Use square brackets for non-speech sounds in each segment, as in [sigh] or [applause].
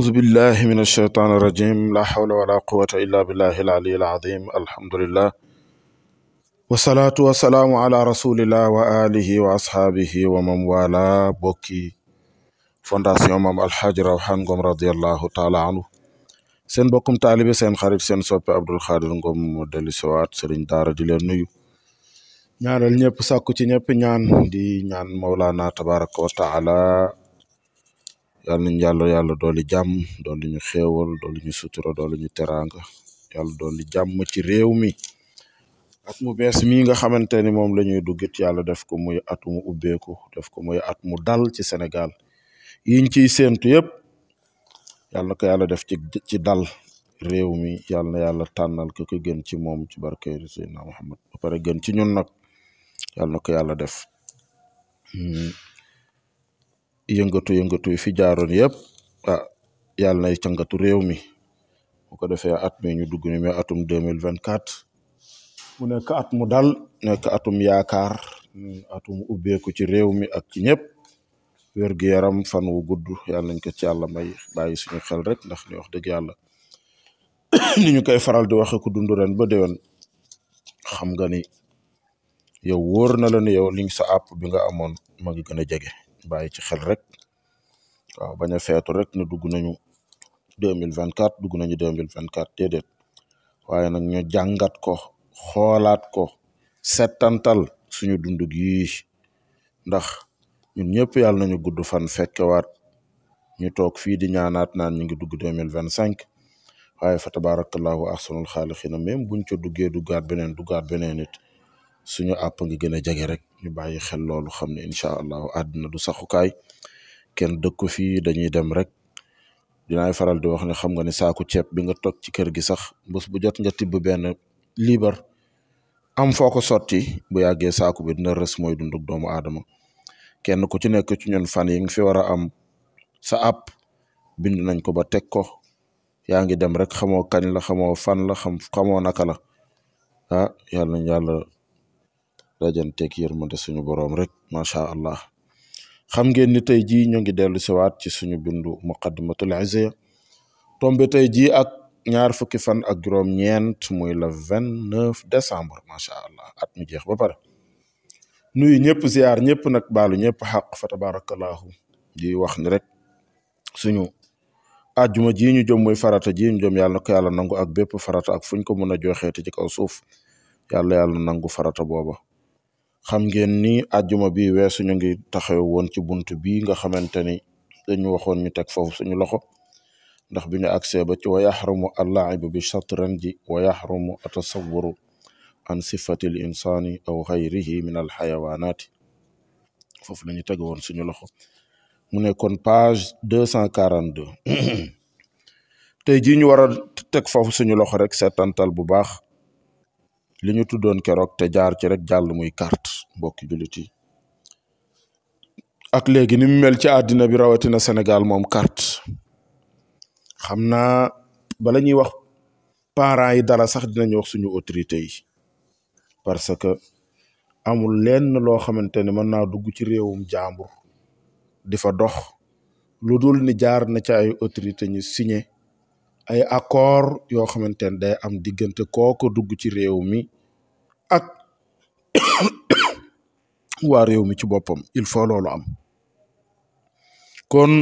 أعوذ بالله من الشيطان الرجيم لا حول ولا قوة إلا بالله العلي العظيم الحمد لله والصلاة والسلام على رسول الله وآله وأصحابه ومن والاه bokki fondation Maam Alxaaji Rawaan Ngom radiyallahu taala anhu seen bokkum taalibe seen xarit seen soppe Abdul Xaadir Ngom mu dellu siwaat sëriñ daara di leen nuyu ñaanal ñëpp sàkku ci ñëpp ñaan di ñaan Mawlaana tabaraka wa taala yal nañ yàlla yàlla dooli jàmm dooli ñu xéewal dooli ñu sutura dooli ñu teraanga yàlla dooli jàmm ci réew mi at mu bees mi nga xamante ni moom lañuy ñuy duggit yàlla def ko muy at mu ubbeeku def ko muy at mu dal ci senegal yiñ ciy séentu yëpp yàlla na ko yàlla def ci ci dal réew mi yàlla na yàlla tànnal ko ko gën ci moom ci barke Seydina Muhammad ba pare gën ci ñun nag yàlla na ko yàlla def hmm. yëngatu yëngatu yi fi jaaroon yëpp ah, yàlla nay cangatu réew mi bu ko defee at mi dugg ni atum deux mille vingt quatre mu nekk at mu dal nekk atum yaakaar atum ubbeeku ci réew mi ak ci ñëpp wér yaram fan wu gudd yàlla nañ ko ci yàlla may bàyyi suñu xel rek ndax ni wax dëgg yàlla [coughs] ni ñu koy faral di waxe ku dund ren ba déwén xam nga ni yow wóor na la ni yow liñ sa àpp bi nga amoon ma ngi gën a jege bàyyi ci xel rek waaw bañ a feetu rek ne dugg nañu deux mille vingt quatre dugg nañu deux mille vingt quatre déedéet waaye nag ñu jàngat ko xoolaat ko settantal suñu dund gi ndax ñun ñëpp yàlla ñu gudd fan fekkewaat ñu toog fii di ñaanaat naan ñu ngi dugg deux mille vingt cinq waaye fa tabarakallahu ahsanul xaaliqina même buñ ca duggee duggaat beneen duggaat beneen it suñu àpp ngi gën a jege rek ñu bàyyi xel loolu xam ne incha allahu àddina du saxukaay kenn dëkku fi dañuy dem rek dinaay faral di wax ne xam nga ne saaku ceeb bi nga toog ci kër gi sax bés bu jot nga tibb benn liibar am foo ko sotti bu yàggee saaku bi dina rës mooy dundug doomu aadama kenn ku ci nekk ci ñun fan yi nga fi war a am sa app bind nañ ko ba teg ko yaa ngi dem rek xamo kañ la xamo fan la xam xamoo naka la ah yàlla dajanteeg yërmande suñu boroom rek macha allah xam ngeen ni tey jii ñu ngi dellu siwaat ci suñu bindu muqaddimatul izya tombe tey jii ak ñaar fukki fan ak juróom-ñeent muy la vingt neuf décembre macha allah at mi jeex ba pare nuyu ñëpp ziar ñëpp nag baalu ñëpp xaq fa tabarakallahu di wax ni rek suñu ajjuma ji ñu jëm moy farata ji ñu jëm yàlla na nangu ak bépp farata ak fuñ ko mën joxeet joxeeti ci kaw suuf yàlla yàlla nangu farata booba xam ngeen ni àjjuma bi weesu ñu ngi taxaw woon ci bunt bi nga xamante ni dañu waxoon ñu teg foofu suñu loxo ndax bi ñu agsee ba ci wa yaxrumu allaibu bi shatranji wa yaxrumu atasawuru an sifati l insani aw xayrihi min al xayawaanaati foofu la ñu teg woon suñu loxo mu nekkoon page deux cent quarante deux [coughs] tey jii ñu war a teg foofu suñu loxo rek seetantal bu baax li ñu tuddoon keroog te jaar ci rek jàll muy carte mbokki jullit ak léegi ni mu mel ci àddina bi rawatina Sénégal moom carte xam naa bala ñuy wax parents yi dara sax dinañ wax suñu autorité yi parce que amul lenn loo xamante ne mën naa dugg ci réewum jàmbur di fa dox lu dul ni jaar na ci ay autorité ñu signé ay accord yoo xamante ne day am diggante kooku dugg ci réew mi ak [coughs] waa réew mi ci boppam il faut loolu am kon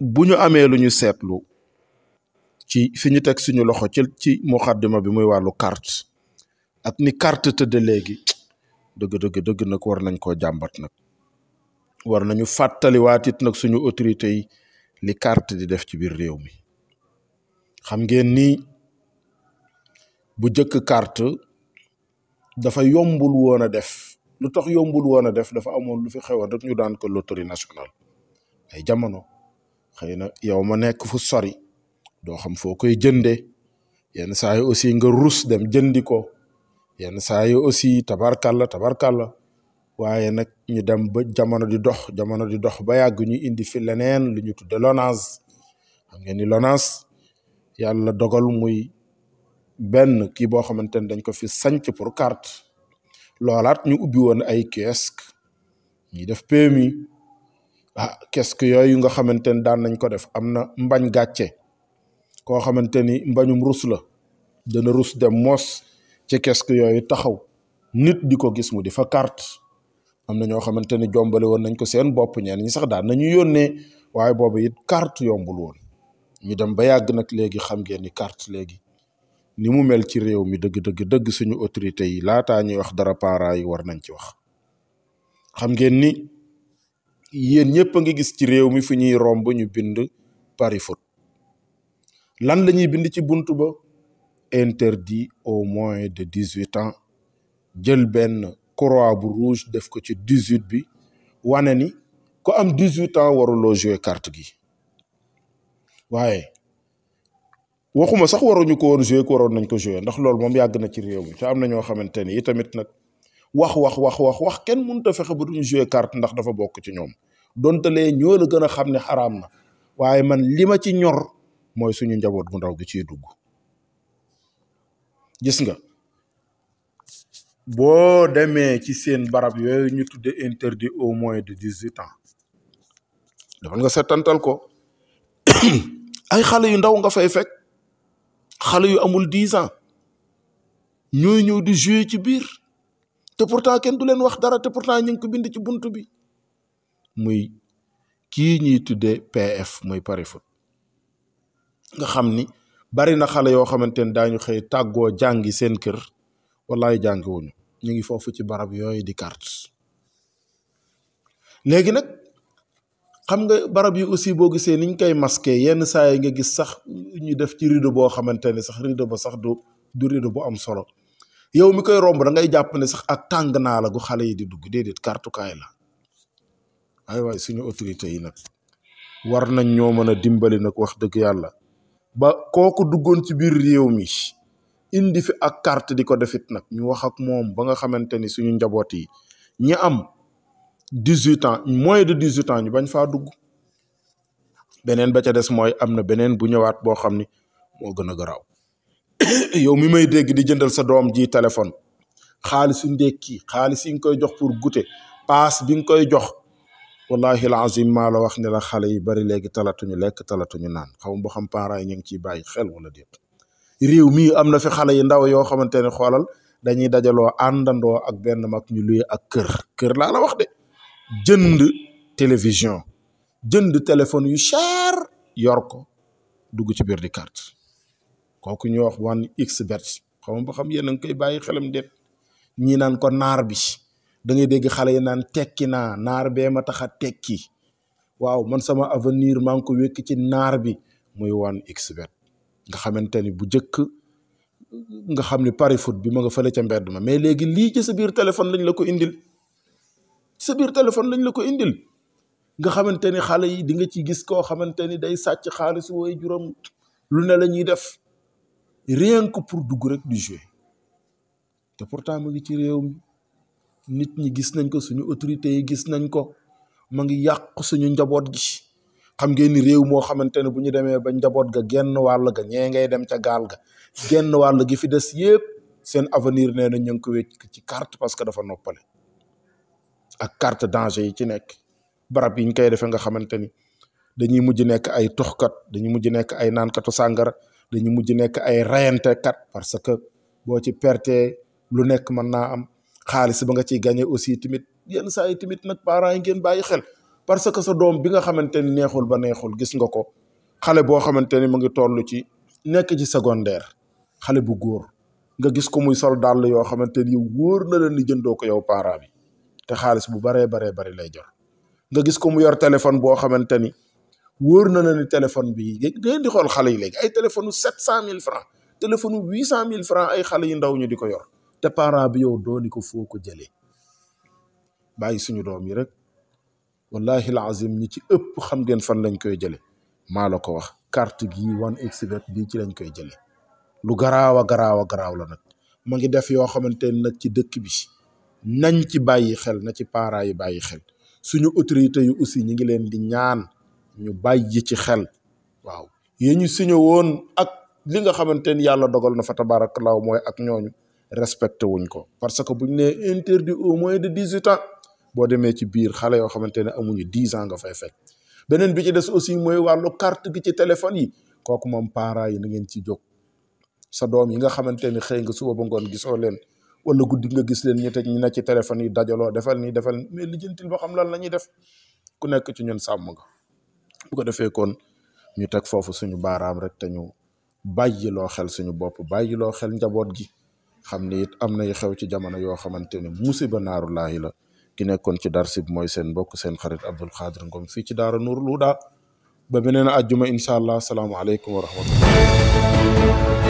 bu ñu amee lu ñu seetlu ci fi ñu teg suñu loxo ci ci muqaddima bi muy wàllu carte ak ni carte tëdd léegi dëgg dëgg dëgg nag war nañ koo jàmbat nag war nañu fàttaliwaat it nag suñu autorité yi li carte di def ci biir réew mi xam ngeen ni bu jëkk kart dafa yombul woon a def lu tax yombul woon a def dafa amoon lu fi xewoon rek ñu daan ko loterie nationale ay jamono xëy na yow ma nekk fu sori doo xam foo koy jëndee yenn saa yi aussi nga rus dem jëndi ko yenn saa yi aussi tabarkalla tabarkalla waaye nag ñu dem ba jamono di dox jamono di dox ba yàgg ñu indi fi leneen lu ñu tudde Lonase xam ngeen ni yàlla dogal muy benn kii boo xamante ne dañ ko fi sanc pour carte loolaat ñu ubbi woon ay kiosque ñi def PMI ah kiosque yooyu nga xamante ne daan nañ ko def am na mbañ gàcce koo xamante ni mbañum rus la dana rus dem mos ci kiosque yooyu taxaw nit di ko gis mu di fa carte am na ñoo xamante ni jombale woon nañ ko seen bopp ñeen ñi sax daan nañu yónnee waaye boobu it carte yombul woon ñu dem ba yàgg nag léegi xam ngeen ni carte léegi ni mu mel ci réew mi dëgg dëgg dëgg suñu autorité yi laataa ñuy wax dara parents yi war nañ ci wax xam ngeen ni yéen ñëpp a ngi gis ci réew mi fu ñuy romb ñu bind pari foot lan la ñuy bind ci bunt ba interdit au moins de dix-huit ans jël benn croix bu rouge def ko ci dix-huit bi wane ni ko am dix-huit ans waruloo jouer carte gi waaye waxuma sax waruñu ko woon joué ko waroon nañ ko joué ndax loolu moom yàgg na ci réew mi te am na ñoo xamante ni tamit nag wax wax wax wax wax kenn mënut a fexe ba duñu joué carte ndax dafa bokk ci ñoom donte lee ñoo la gën a xam ne xaraam na waaye man li ma ci ñor mooy suñu njaboot gu ndaw gi ci dugg gis nga boo demee ci seen barab yooyu ñu tudde interdit au mois de dix-huit ans defal nga setantal ko [coughs] ay xale yu ndaw nga fay fekk xale yu amul dix ans ñooy ñëw di jouer ci biir te pourtant kenn du leen wax dara te pourtant ñu ngi ko bind ci bunt bi muy kii ñuy tuddee PF muy pari foot nga xam ni bari na xale yoo xamante ne daañu xëy tàggoo jàngi seen kër wallaay wuñu ñu ngi foofu ci barab yooyu di carte léegi nag xam nga barab yi aussi boo gisee niñ koy masqué yenn saa yi nga gis sax ñu def ci rideau boo xamante ne sax rideau ba sax du du rideau bu am solo yow mi koy romb da ngay jàpp ne sax ak tàng naa la gu xale yi di dugg déedéet kartukaay la ay waay suñu autorité yi nag war nañ ñoo mën a dimbali nag wax dëgg yàlla ba kooku duggoon ci biir réew mi indi fi ak carte di ko defit nag ñu wax ak moom ba nga xamante ni suñu njaboot yi ñi am dix-huit ans mooy de dix-huit ans ñu bañ faa dugg beneen ba ca des mooy am na beneen bu ñëwaat boo xam ni moo gën a garaaw [coughs] yow mi may dégg di jëndal sa doom ji téléphone xaalisu ndekki xaalis yi nga koy jox pour goûter paas bi nga koy jox wallahi alazim maa la wax ne la xale yi bari léegi talatuñu lekk talatuñu naan xaw ma xam parent yi ñu ngi ciy bàyyi xel wala déet réew mii am na fi xale yi ndaw yoo xamante ne xoolal dañuy dajaloo àndandoo ak benn mag ñu luye ak kër kër laa wax de jënd télévision jënd téléphone yu cher yor ko dugg ci biir di carte kooku ñu wax wan x bet xaw ba xam yéen a ngi koy bàyyi xelam déet ñi naan ko naar bi da dégg xale yi naan tekki naa naar bee ma tax a tekki waaw man sama avenir maa ngi ko wékk ci naar bi muy wan x nga xamante ni bu jëkk nga xam ni pari foot bi ma nga fële ca mbedd ma mais léegi lii ci sa biir téléphone lañ la ko indil sa biir téléphone lañ la ko indil nga xamante ni xale yi di nga ci gis koo xamante ni day sàcc xaalis wooy juróom lu ne la ñuy def rien ko pour dugg rek du jeu te pourtant mu ngi ci réew mi nit ñi gis nañ ko suñu autorités yi gis nañ ko ma ngi yàq suñu njaboot gi xam ngeen ni réew moo xamante ne bu ñu demee ba njaboot ga genn wàll ga ñee ngay dem ca gaal ga genn wàll gi fi des yépp seen avenir nee na ñu ngi ko wécc ci carte parce que dafa noppale ak carte danger yi ci nekk barab yi ñu koy defee nga xamante ni dañuy mujj nekk ay toxkat dañuy mujj nekk ay naankatu sàngara dañuy mujj nekk ay kat parce que boo ci perte lu nekk mën naa am xaalis ba nga ciy gagné aussi tamit yenn saa yi nag parents yi ngeen bàyyi xel parce que sa doom bi nga xamante ni neexul ba neexul gis nga ko xale boo xamante ni mu ngi toll ci nekk ci secondaire xale bu góor nga gis ko muy sol dàll yoo xamante ni wóor na leen ni jëndoo ko yow parent bi te xaalis bu baree baree bari lay jor nga gis ko mu yor téléphone boo xamante ni wóor na la ni téléphone bi ngeen di xool xale yi léegi ay téléphone u sept cent mille francs téléphone u huit cent mille francs ay xale yu ndaw ñu di ko yor te parent bi yow dooni ko foo ko jëlee bàyyi suñu doom yi rek wallahi alazim ñi ci ëpp xam ngeen fan lañ koy jële maa la ko wax kart gi one xbet bii ci lañ koy jële lu garaaw a garaaw a garaaw la nag ma ngi def yoo xamante nag ci dëkk bi nañ ci bàyyi xel na ci parents yi bàyyi xel suñu autorités yu aussi ñu ngi leen di ñaan ñu bàyyi ci xel waaw yéen ñu signé woon ak li nga xamante ni yàlla dogal na fa tabaarakallaahu mooy ak ñooñu respecté wuñ ko parce que buñ nee interdit au moins de dix huit ans boo demee ci biir xale yoo xamante ne amuñu dix ans nga fay fekk beneen bi ci des aussi mooy wàllu carte gi ci téléphone yi kooku moom parents yi na ngeen ci jóg sa doom yi nga xamante ni xëy nga suba ba ngoon gisoo leen wala guddi nga gis leen ñu teg ñu ne ci téléphone yi dajaloo defal nii defal nii mais lijjantil ba xam lan na ñuy def ku nekk ci ñun sàmm nga bu ko defee kon ñu teg foofu suñu baaraam rek te ñu bàyyiloo xel suñu bopp bàyyiloo xel njaboot gi xam ni it am na yu xew ci jamono yoo xamante ne musiba naaru laahi la ki nekkoon ci darsib mooy seen mbokk seen xarit Abdul Xaadir Ngom fii ci Daara Nuurul Huda ba beneen àjjuma incha allah salaamualeykum wa